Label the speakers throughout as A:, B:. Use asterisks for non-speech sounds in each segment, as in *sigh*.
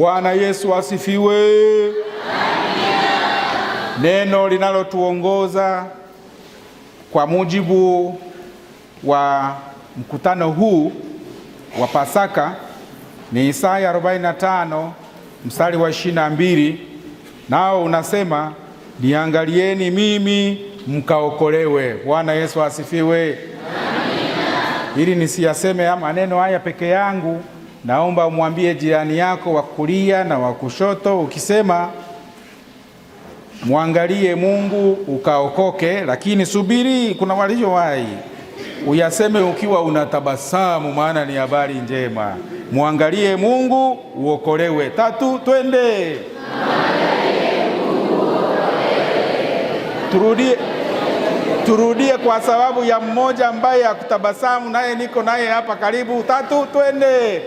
A: Bwana Yesu asifiwe. Neno linalotuongoza kwa mujibu wa mkutano huu wa Pasaka ni Isaya 45 mstari wa 22, nao unasema niangalieni mimi mkaokolewe. Bwana Yesu asifiwe. Amina. Ili nisiyaseme maneno haya peke yangu naomba umwambie jirani yako wa kulia na wa kushoto ukisema, mwangalie Mungu ukaokoke, lakini subiri, kuna wai Uyaseme ukiwa unatabasamu, maana ni habari njema. Mwangalie Mungu uokolewe. Tatu, twende turudie, turudie kwa sababu ya mmoja ambaye akutabasamu naye niko naye hapa karibu. Tatu, twende.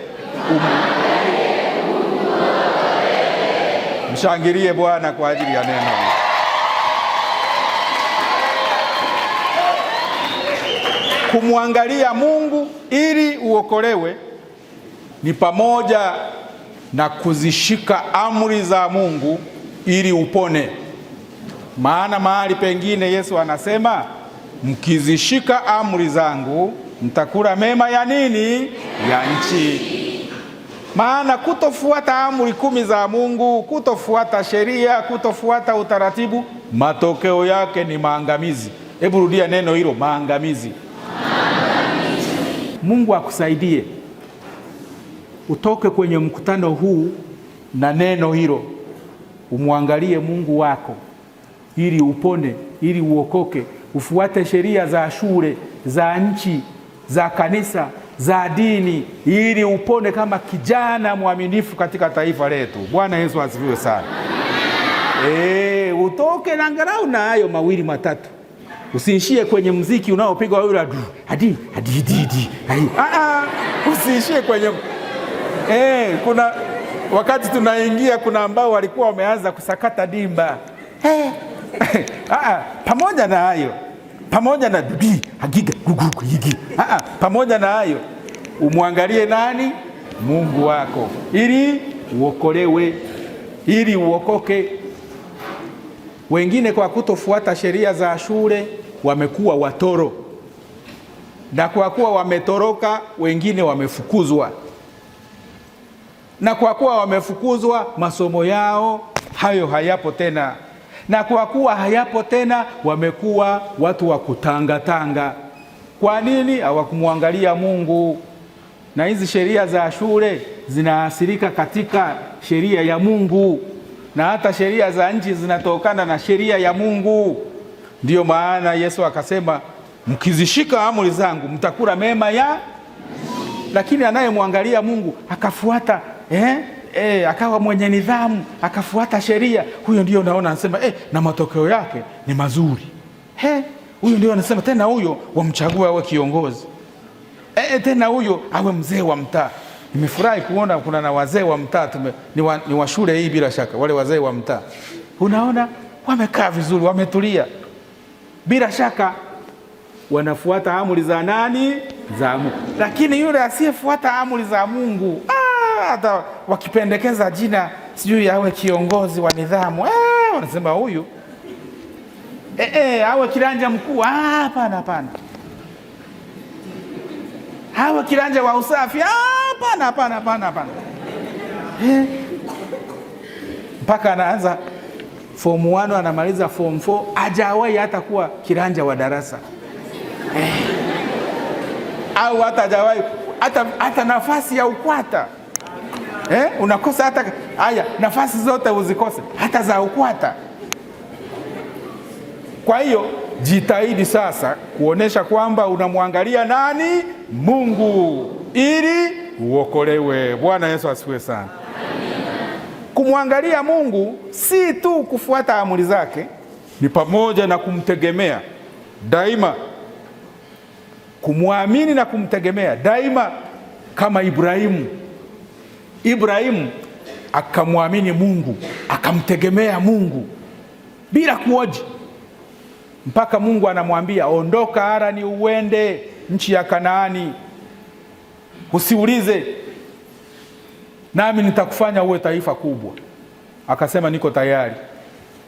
A: Mshangilie Bwana kwa ajili ya neno Kumwangalia Mungu ili uokolewe ni pamoja na kuzishika amri za Mungu ili upone. Maana mahali pengine Yesu anasema, mkizishika amri zangu mtakula mema ya nini?
B: Ya nchi.
A: Maana kutofuata amri kumi za Mungu, kutofuata sheria, kutofuata utaratibu, matokeo yake ni maangamizi. Hebu rudia neno hilo, maangamizi. Mungu akusaidie utoke kwenye mkutano huu na neno hilo, umwangalie Mungu wako ili upone, ili uokoke, ufuate sheria za shule, za nchi, za kanisa za dini ili upone kama kijana mwaminifu katika taifa letu. Bwana Yesu asifiwe sana. E, utoke angalau na hayo mawili matatu, usiishie kwenye mziki unaopigwa yule hadi hadi hadi. Ah, ah, usiishie kwenye eh, kuna wakati tunaingia, kuna ambao walikuwa wameanza kusakata dimba. Hey. Eh. *laughs* Aa, ah, ah. pamoja na hayo pamoja na dubii hagiga gugugu higi. Aa, ah, ah, pamoja na hayo umwangalie nani? Mungu wako ili uokolewe, ili uokoke. Wengine kwa kutofuata sheria za shule wamekuwa watoro, na kwa kuwa wametoroka, wengine wamefukuzwa, na kwa kuwa wamefukuzwa, masomo yao hayo hayapo tena na kwa kuwa hayapo tena, wamekuwa watu wa kutangatanga. Kwa nini? Hawakumwangalia Mungu. Na hizi sheria za shule zinaathirika katika sheria ya Mungu, na hata sheria za nchi zinatokana na sheria ya Mungu. Ndiyo maana Yesu akasema, mkizishika amri zangu mtakula mema ya, lakini anayemwangalia Mungu akafuata eh? e, akawa mwenye nidhamu akafuata sheria, huyo ndio unaona anasema e, na matokeo yake ni mazuri. He, huyo ndio anasema tena, huyo wamchagua awe kiongozi e, tena huyo awe mzee wa mtaa. Nimefurahi kuona kuna na wazee wa mtaa ni, wa, ni wa shule hii bila shaka, wale wazee wa mtaa unaona wamekaa vizuri, wametulia, bila shaka wanafuata amri za nani? Za Mungu. Lakini yule asiyefuata amri za Mungu hata wakipendekeza jina sijui awe kiongozi wa nidhamu ah, wanasema huyu e, e, awe kiranja mkuu. Ah, hapana, hapana. Awe kiranja wa usafi. Ah, hapana, hapana, hapana, hapana. Eh. Mpaka anaanza form 1 anamaliza form 4 ajawahi hata kuwa kiranja wa darasa au hata ajawahi hata, hata nafasi ya ukwata eh? Unakosa hata haya nafasi zote uzikose, hata za UKWATA. Kwa hiyo jitahidi sasa kuonesha kwamba unamwangalia nani? Mungu, ili uokolewe. Bwana Yesu asifiwe sana. Kumwangalia Mungu si tu kufuata amri zake, ni pamoja na kumtegemea daima, kumwamini na kumtegemea daima, kama Ibrahimu Ibrahimu akamwamini Mungu, akamtegemea Mungu bila kuoji, mpaka Mungu anamwambia ondoka Harani uende nchi ya Kanaani, usiulize, nami nitakufanya uwe taifa kubwa. Akasema niko tayari.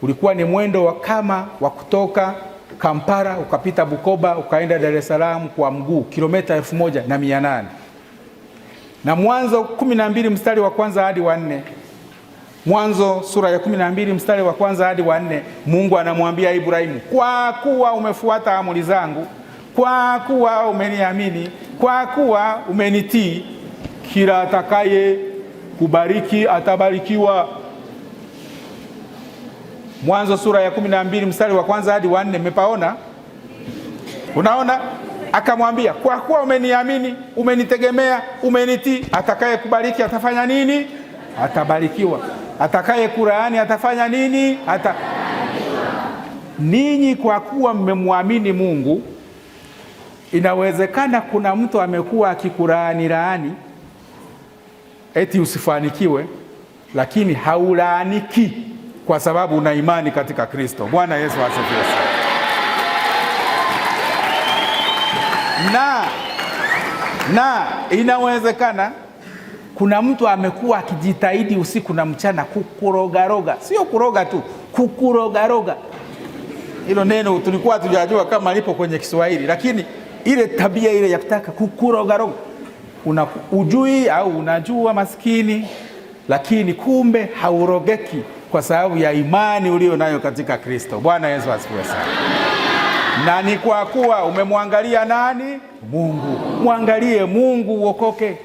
A: Ulikuwa ni mwendo wa kama wa kutoka Kampala ukapita Bukoba ukaenda Dar es Salaam kwa mguu kilomita elfu moja na mia nane na Mwanzo kumi na mbili mstari wa kwanza hadi wa nne. Mwanzo sura ya kumi na mbili mstari wa kwanza hadi wa nne, Mungu anamwambia Ibrahimu, kwa kuwa umefuata amri zangu, kwa kuwa umeniamini, kwa kuwa umenitii, kila atakaye kubariki atabarikiwa. Mwanzo sura ya kumi na mbili mstari wa kwanza hadi wa nne. Mmepaona? Unaona? akamwambia kwa kuwa umeniamini, umenitegemea, umenitii, atakaye kubariki atafanya nini? Atabarikiwa. Atakaye atafanya nini? Ata... ninyi kwa kuwa mmemwamini Mungu, inawezekana kuna mtu amekuwa akikulaani laani, eti usifanikiwe, lakini haulaaniki kwa sababu una imani katika Kristo. Bwana Yesu asifiwe. na, na inawezekana kuna mtu amekuwa akijitahidi usiku na mchana kukurogaroga, sio kuroga tu, kukurogaroga. Hilo neno tulikuwa tujajua kama lipo kwenye Kiswahili, lakini ile tabia ile ya kutaka kukurogaroga, una ujui au unajua maskini, lakini kumbe haurogeki kwa sababu ya imani ulionayo katika Kristo. Bwana Yesu asifiwe sana na ni kwa kuwa umemwangalia nani? Mungu. Mwangalie Mungu uokoke.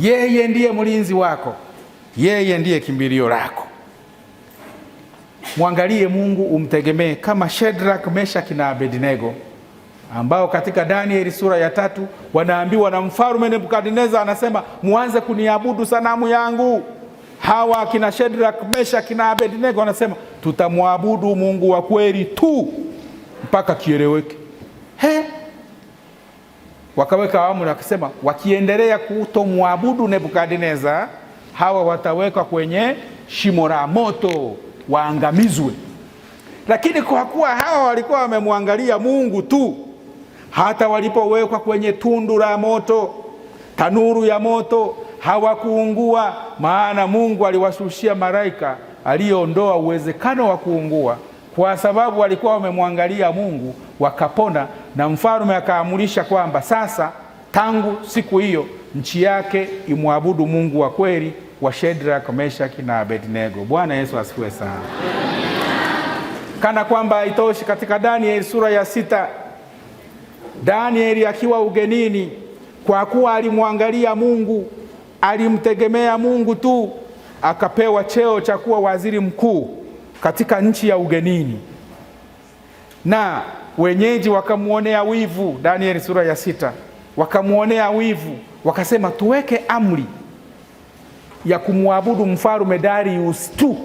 A: Yeye ndiye mlinzi wako, yeye ndiye kimbilio lako. Mwangalie Mungu, umtegemee kama Shadrach, Meshach na Abednego ambao katika Danieli sura ya tatu wanaambiwa na mfalme Nebukadneza, anasema muanze kuniabudu sanamu yangu. Hawa kina Shadrach, Meshach na Abednego wanasema tutamwabudu Mungu wa kweli tu mpaka kieleweke. He, wakaweka awamu na wakasema wakiendelea kutomwabudu Nebukadneza hawa watawekwa kwenye shimo la moto waangamizwe. Lakini kwa kuwa hawa walikuwa wamemwangalia Mungu tu, hata walipowekwa kwenye tundu la moto, tanuru ya moto, hawakuungua, maana Mungu aliwashushia malaika aliyeondoa uwezekano wa kuungua kwa sababu walikuwa wamemwangalia Mungu wakapona, na mfalme akaamrisha kwamba sasa tangu siku hiyo nchi yake imwabudu Mungu wa kweli wa Shadraka, Meshaki na Abednego. Bwana Yesu asifiwe sana. Kana kwamba haitoshi, katika Danieli sura ya sita, Danieli akiwa ugenini, kwa kuwa alimwangalia Mungu, alimtegemea Mungu tu, akapewa cheo cha kuwa waziri mkuu katika nchi ya ugenini na wenyeji wakamwonea wivu. Danieli sura ya sita, wakamwonea wivu, wakasema tuweke amri ya kumwabudu mfarume Darius tu,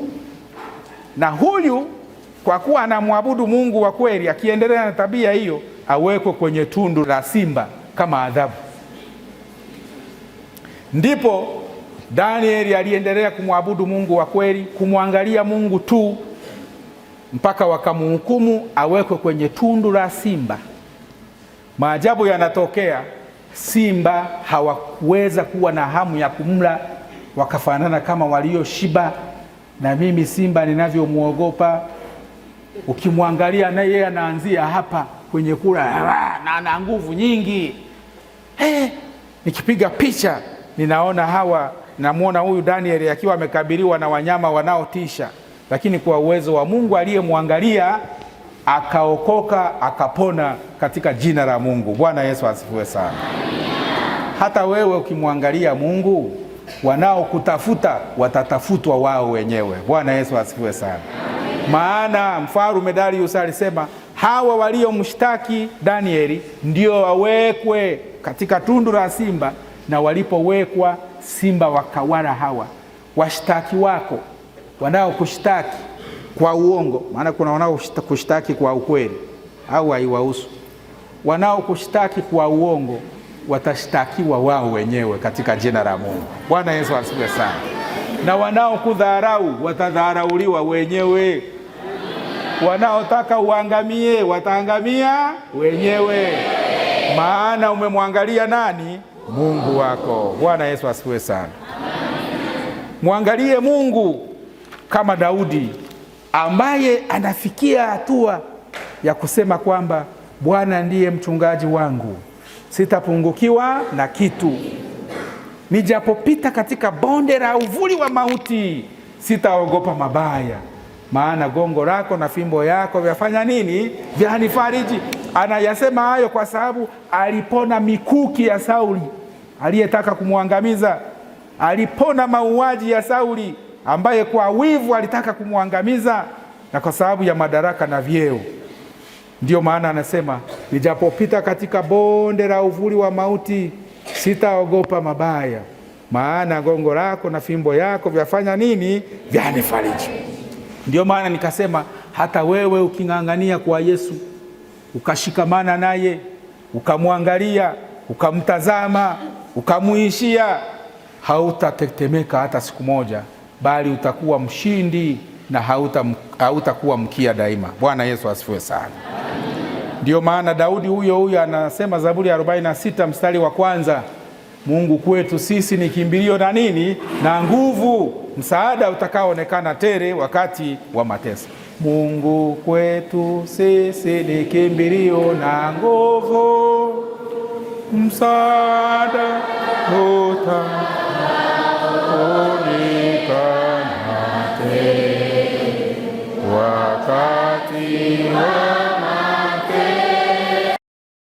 A: na huyu kwa kuwa anamwabudu Mungu wa kweli, akiendelea na tabia hiyo awekwe kwenye tundu la simba kama adhabu. Ndipo Danieli aliendelea kumwabudu Mungu wa kweli, kumwangalia Mungu tu mpaka wakamhukumu awekwe kwenye tundu la simba. Maajabu yanatokea, simba hawakuweza kuwa na hamu ya kumla, wakafanana kama walioshiba. Na mimi simba ninavyomwogopa, ukimwangalia na yeye anaanzia hapa kwenye kula na ana nguvu nyingi. Hey, eh, nikipiga picha ninaona hawa namwona huyu Danieli akiwa amekabiliwa na wanyama wanaotisha, lakini kwa uwezo wa Mungu aliyemwangalia akaokoka akapona katika jina la Mungu. Bwana Yesu asifiwe sana. Hata wewe ukimwangalia Mungu, wanaokutafuta watatafutwa wao wenyewe. Bwana Yesu asifiwe sana. Maana mfarume Darius alisema hawa waliomshtaki Danieli ndio wawekwe katika tundu la simba, na walipowekwa simba wakawara hawa, washtaki wako wanaokushtaki kwa uongo, maana kuna wanaokushtaki kwa ukweli au haiwahusu. Wanaokushtaki kwa uongo watashtakiwa wao wenyewe katika jina la Mungu. Bwana Yesu asifiwe sana. Na wanaokudharau watadharauliwa wenyewe, wanaotaka uangamie wataangamia wenyewe, maana umemwangalia nani? Mungu wako. Bwana Yesu asifiwe sana. Mwangalie Mungu kama Daudi ambaye anafikia hatua ya kusema kwamba Bwana ndiye mchungaji wangu, sitapungukiwa na kitu. Nijapopita katika bonde la uvuli wa mauti, sitaogopa mabaya, maana gongo lako na fimbo yako vyafanya nini? Vyanifariji. Anayasema hayo kwa sababu alipona mikuki ya Sauli aliyetaka kumwangamiza, alipona mauaji ya Sauli ambaye kwa wivu alitaka kumwangamiza, na kwa sababu ya madaraka na vyeo. Ndiyo maana anasema nijapopita katika bonde la uvuli wa mauti, sitaogopa mabaya, maana gongo lako na fimbo yako vyafanya nini? Vyanifariji. Ndiyo maana nikasema hata wewe uking'ang'ania kwa Yesu ukashikamana naye, ukamwangalia, ukamtazama, ukamuishia, hautatetemeka hata siku moja, bali utakuwa mshindi na hautakuwa mkia daima. Bwana Yesu asifiwe sana. Ndiyo maana Daudi huyo huyo anasema Zaburi ya 46 mstari wa kwanza, Mungu kwetu sisi ni kimbilio na nini na nguvu, msaada utakaoonekana tere wakati wa mateso. Mungu kwetu sisi ni kimbilio na nguvu, msaada utaonekana tena wakati wa